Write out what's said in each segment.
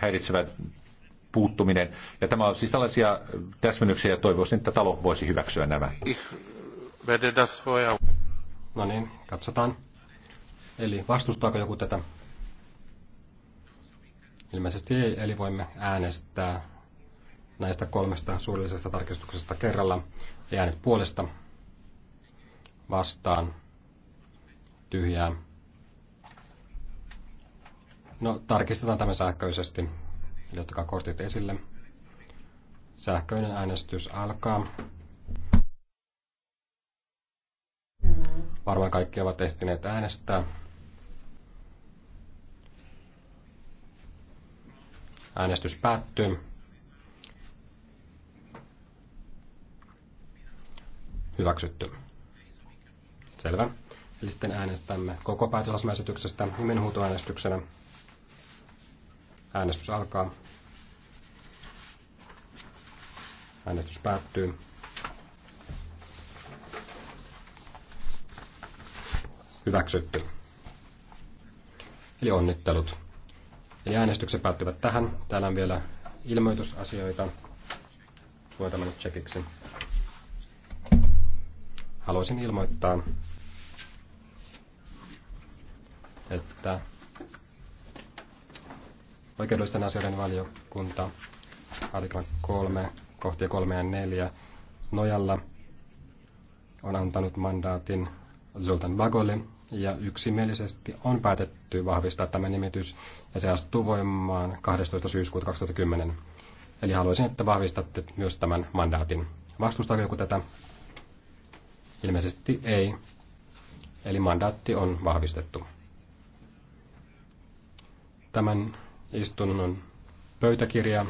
häiritsevä puuttuminen. Ja tämä on siis tällaisia täsmennyksiä ja toivoisin, että talo voisi hyväksyä nämä. No niin, katsotaan. Eli vastustaako joku tätä? Ilmeisesti ei, eli voimme äänestää näistä kolmesta suurellisesta tarkistuksesta kerralla. äänet puolesta, vastaan, tyhjää, No, tarkistetaan tämä sähköisesti. Eli ottakaa kortit esille. Sähköinen äänestys alkaa. Varmaan kaikki ovat ehtineet äänestää. Äänestys päättyy. Hyväksytty. Selvä. Eli sitten äänestämme koko päätösasmaesityksestä nimenhuutoäänestyksenä. Äänestys alkaa. Äänestys päättyy. Hyväksytty. Eli onnittelut. Eli äänestykset päättyvät tähän. Täällä on vielä ilmoitusasioita. Luetaan nyt checkiksi. Haluaisin ilmoittaa, että oikeudellisten asioiden valiokunta artiklan 3, kohtia 3 ja 4 nojalla on antanut mandaatin Zoltan Bagolle ja yksimielisesti on päätetty vahvistaa tämä nimitys ja se astuu voimaan 12. syyskuuta 2010. Eli haluaisin, että vahvistatte myös tämän mandaatin. Vastustaako joku tätä? Ilmeisesti ei. Eli mandaatti on vahvistettu. Tämän istunnon pöytäkirja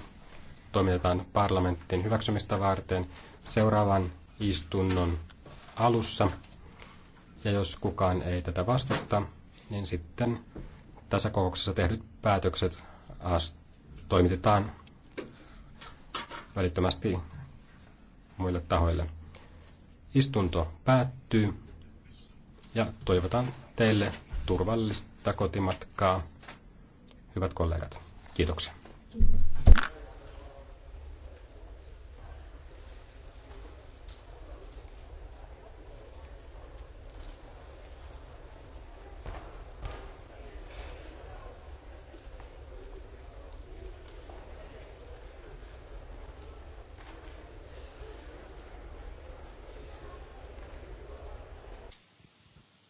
toimitetaan parlamentin hyväksymistä varten seuraavan istunnon alussa. Ja jos kukaan ei tätä vastusta, niin sitten tässä kokouksessa tehdyt päätökset toimitetaan välittömästi muille tahoille. Istunto päättyy ja toivotan teille turvallista kotimatkaa. Hyvät kollegat, kiitoksia.